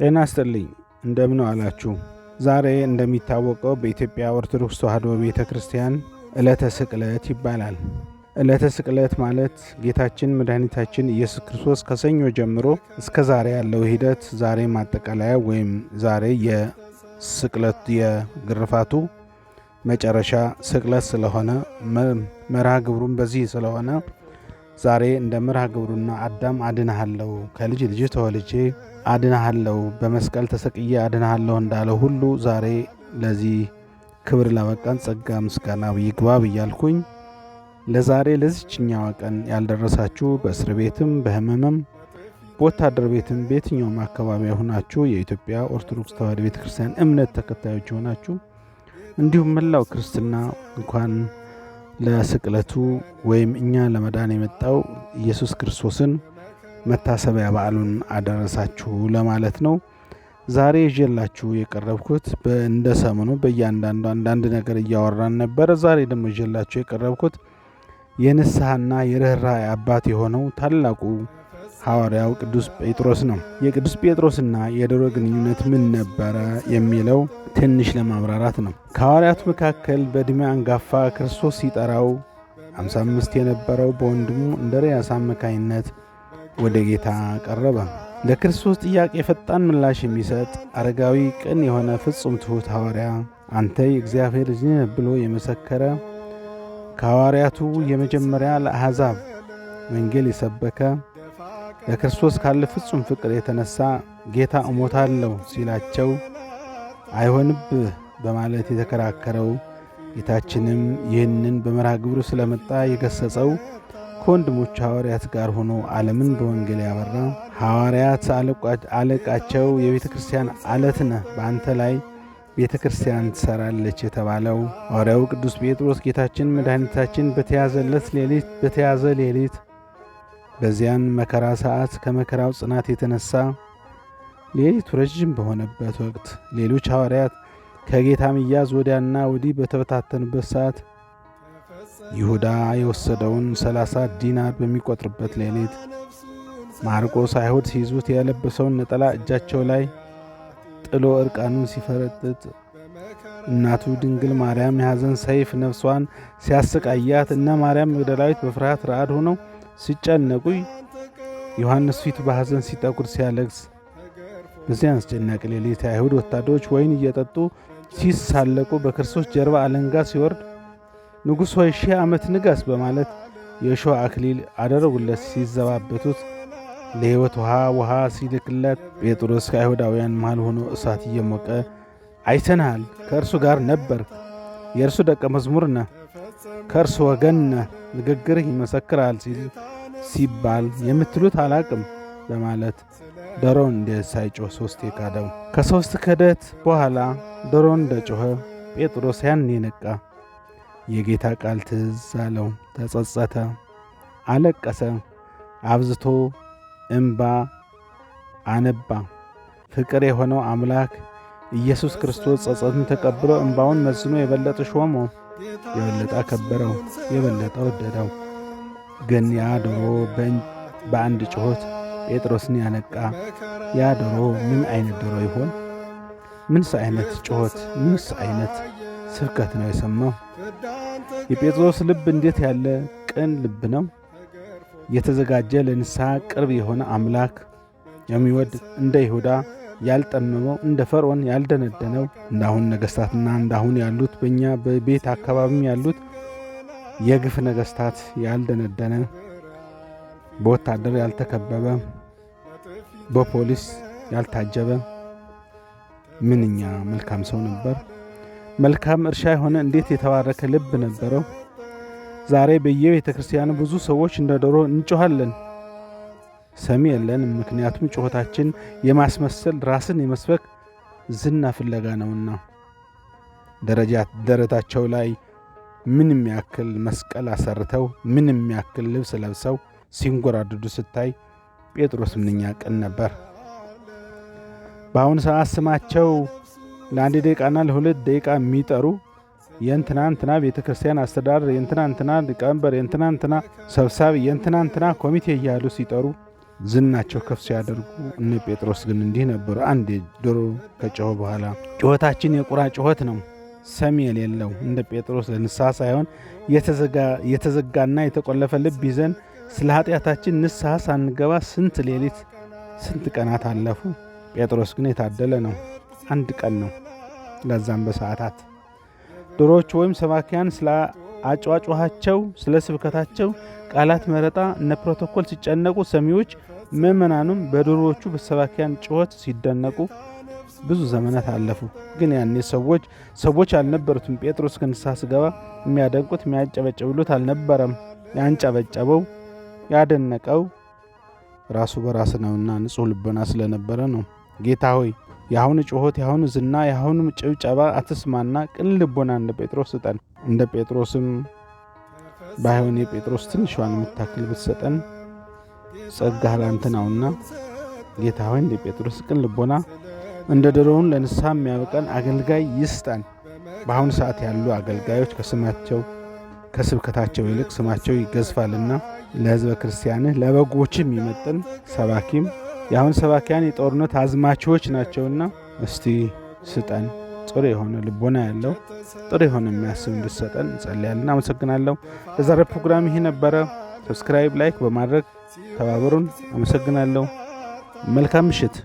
ጤና ይስጥልኝ እንደምን አላችሁ። ዛሬ እንደሚታወቀው በኢትዮጵያ ኦርቶዶክስ ተዋሕዶ ቤተ ክርስቲያን ዕለተ ስቅለት ይባላል። ዕለተ ስቅለት ማለት ጌታችን መድኃኒታችን ኢየሱስ ክርስቶስ ከሰኞ ጀምሮ እስከ ዛሬ ያለው ሂደት ዛሬ ማጠቃለያ ወይም ዛሬ የስቅለት የግርፋቱ መጨረሻ ስቅለት ስለሆነ መርሃ ግብሩም በዚህ ስለሆነ ዛሬ እንደ መርሃ ግብሩና አዳም አድንሃለሁ፣ ከልጅ ልጅ ተወልጄ አድንሃለሁ፣ በመስቀል ተሰቅዬ አድንሃለሁ እንዳለው ሁሉ ዛሬ ለዚህ ክብር ላበቃን ጸጋ ምስጋና ይግባብ እያልኩኝ ለዛሬ ለዚችኛዋ ቀን ያልደረሳችሁ በእስር ቤትም በህመምም በወታደር ቤትም በየትኛውም አካባቢ የሆናችሁ የኢትዮጵያ ኦርቶዶክስ ተዋሕዶ ቤተ ክርስቲያን እምነት ተከታዮች የሆናችሁ እንዲሁም መላው ክርስትና እንኳን ለስቅለቱ ወይም እኛ ለመዳን የመጣው ኢየሱስ ክርስቶስን መታሰቢያ በዓሉን አደረሳችሁ ለማለት ነው። ዛሬ ይዤላችሁ የቀረብኩት እንደ ሰሞኑ በእያንዳንዱ አንዳንድ ነገር እያወራን ነበረ። ዛሬ ደግሞ ይዤላችሁ የቀረብኩት የንስሐና የርኅራኄ አባት የሆነው ታላቁ ሐዋርያው ቅዱስ ጴጥሮስ ነው። የቅዱስ ጴጥሮስና የዶሮ ግንኙነት ምን ነበረ የሚለው ትንሽ ለማብራራት ነው። ከሐዋርያቱ መካከል በዕድሜ አንጋፋ ክርስቶስ ሲጠራው 55 የነበረው በወንድሙ እንድርያስ አማካይነት ወደ ጌታ ቀረበ። ለክርስቶስ ጥያቄ ፈጣን ምላሽ የሚሰጥ አረጋዊ፣ ቅን የሆነ ፍጹም ትሑት ሐዋርያ አንተ የእግዚአብሔር ልጅ ነህ ብሎ የመሰከረ ከሐዋርያቱ የመጀመሪያ ለአሕዛብ ወንጌል የሰበከ ለክርስቶስ ካለ ፍጹም ፍቅር የተነሳ ጌታ እሞታለሁ ሲላቸው አይሆንብህ በማለት የተከራከረው ጌታችንም ይህንን በመርሃ ግብሩ ስለመጣ የገሰጸው ከወንድሞቹ ሐዋርያት ጋር ሆኖ ዓለምን በወንጌል ያበራ ሐዋርያት አለቃቸው የቤተ ክርስቲያን አለት ነ በአንተ ላይ ቤተ ክርስቲያን ትሰራለች የተባለው ሐዋርያው ቅዱስ ጴጥሮስ ጌታችን መድኃኒታችን በተያዘለት ሌሊት በተያዘ ሌሊት በዚያን መከራ ሰዓት ከመከራው ጽናት የተነሳ ሌሊቱ ረዥም በሆነበት ወቅት ሌሎች ሐዋርያት ከጌታ ምያዝ ወዲያና ወዲህ በተበታተኑበት ሰዓት ይሁዳ የወሰደውን ሰላሳ ዲናር በሚቆጥርበት ሌሊት ማርቆስ አይሁድ ሲይዙት ያለበሰውን ነጠላ እጃቸው ላይ ጥሎ ዕርቃኑን ሲፈረጥጥ እናቱ ድንግል ማርያም የሐዘን ሰይፍ ነፍሷን ሲያሰቃያት እነ ማርያም መግደላዊት በፍርሃት ረአድ ሆነው ሲጨነቁ ዮሐንስ ፊቱ በሐዘን ሲጠቁር ሲያለቅስ፣ በዚያ አስጨናቂ ሌሊት የአይሁድ ወታደሮች ወይን እየጠጡ ሲሳለቁ በክርስቶስ ጀርባ አለንጋ ሲወርድ ንጉሥ ሆይ ሺህ ዓመት ንገስ በማለት የእሾህ አክሊል አደረጉለት። ሲዘባበቱት ለሕይወት ውሃ ውሃ ሲልክለት ጴጥሮስ ከአይሁዳውያን መሃል ሆኖ እሳት እየሞቀ አይተናሃል፣ ከእርሱ ጋር ነበር፣ የእርሱ ደቀ መዝሙር ነህ ከእርስ ወገን ንግግርህ ይመሰክራል ሲባል የምትሉት አላቅም በማለት ዶሮን እንደ ሳይጮህ ሶስት የካደው ከሶስት ክህደት በኋላ ዶሮ እንደ ጮኸ ጴጥሮስ ያን የነቃ የጌታ ቃል ትዝ አለው። ተጸጸተ፣ አለቀሰ፣ አብዝቶ እምባ አነባ። ፍቅር የሆነው አምላክ ኢየሱስ ክርስቶስ ጸጸቱን ተቀብሎ እምባውን መዝኖ የበለጠ ሾሞ የበለጠ አከበረው፣ የበለጠ ወደደው። ግን ያ ዶሮ በአንድ ጩኸት ጴጥሮስን ያነቃ ያ ዶሮ ምን አይነት ዶሮ ይሆን? ምንስ አይነት ጩኸት፣ ምንስ አይነት ስብከት ነው የሰማው? የጴጥሮስ ልብ እንዴት ያለ ቅን ልብ ነው! የተዘጋጀ ለንስሐ ቅርብ የሆነ አምላክ የሚወድ እንደ ይሁዳ ያልጠመመው እንደ ፈርዖን ያልደነደነው እንደ አሁን ነገስታትና እንደ አሁን ያሉት በእኛ በቤት አካባቢም ያሉት የግፍ ነገስታት ያልደነደነ በወታደር ያልተከበበ በፖሊስ ያልታጀበ ምንኛ መልካም ሰው ነበር። መልካም እርሻ የሆነ እንዴት የተባረከ ልብ ነበረው። ዛሬ በየቤተ ክርስቲያኑ ብዙ ሰዎች እንደ ዶሮ እንጮኋለን። ሰሚ የለንም። ምክንያቱም ጩኸታችን የማስመሰል ራስን የመስበክ ዝና ፍለጋ ነውና ደረታቸው ላይ ምንም ያክል መስቀል አሰርተው ምንም ያክል ልብስ ለብሰው ሲንጎራድዱ ስታይ ጴጥሮስ ምንኛ ቅን ነበር። በአሁኑ ሰዓት ስማቸው ለአንድ ደቂቃና ለሁለት ደቂቃ የሚጠሩ የእንትና እንትና ቤተ ክርስቲያን አስተዳደር፣ የእንትና እንትና ሊቀመንበር፣ የእንትና እንትና ሰብሳቢ፣ የእንትና እንትና ኮሚቴ እያሉ ሲጠሩ ዝናቸው ከፍ ሲያደርጉ እነ ጴጥሮስ ግን እንዲህ ነበሩ። አንድ ዶሮ ከጮኸ በኋላ ጩኸታችን የቁራ ጩኸት ነው፣ ሰሚ የሌለው እንደ ጴጥሮስ ለንስሐ ሳይሆን የተዘጋና የተቆለፈ ልብ ይዘን ስለ ኃጢአታችን ንስሐ ሳንገባ ስንት ሌሊት ስንት ቀናት አለፉ። ጴጥሮስ ግን የታደለ ነው። አንድ ቀን ነው፣ ለዛም በሰዓታት ዶሮዎቹ ወይም ሰባኪያን ስለ አጫዋጭኋቸው ስለ ስብከታቸው ቃላት መረጣ እነ ፕሮቶኮል ሲጨነቁ ሰሚዎች ምእመናኑም በድሮዎቹ በሰባኪያን ጩኸት ሲደነቁ ብዙ ዘመናት አለፉ። ግን ያኔ ሰዎች ሰዎች አልነበሩትም። ጴጥሮስ ክንሳ ስገባ የሚያደንቁት የሚያጨበጨብሉት አልነበረም። ያንጨበጨበው ያደነቀው ራሱ በራስ ነውና ንጹሕ ልቦና ስለነበረ ነው። ጌታ ሆይ የአሁኑ ጩኸት፣ የአሁኑ ዝና፣ የአሁኑ ጭብጨባ አትስማና ቅን ልቦና እንደ ጴጥሮስ ስጠን። እንደ ጴጥሮስም ባይሆን የጴጥሮስ ትንሿን የምታክል ብትሰጠን ጸጋህ ላንተ ነውና ጌታ ሆይ እንደ ጴጥሮስ ቅን ልቦና እንደ ድሮውን ለንስሐ የሚያበቃን አገልጋይ ይስጠን። በአሁኑ ሰዓት ያሉ አገልጋዮች ከስማቸው ከስብከታቸው ይልቅ ስማቸው ይገዝፋልና ለሕዝበ ክርስቲያንህ ለበጎችም የሚመጥን ሰባኪም የአሁን ሰባኪያን የጦርነት አዝማቾች ናቸውና እስቲ ስጠን። ጥሩ የሆነ ልቦና ያለው ጥሩ የሆነ የሚያስብ እንድሰጠን እንጸልያለን። አመሰግናለሁ። ለዛሬ ፕሮግራም ይሄ ነበረ። ሰብስክራይብ፣ ላይክ በማድረግ ተባበሩን። አመሰግናለሁ። መልካም ምሽት።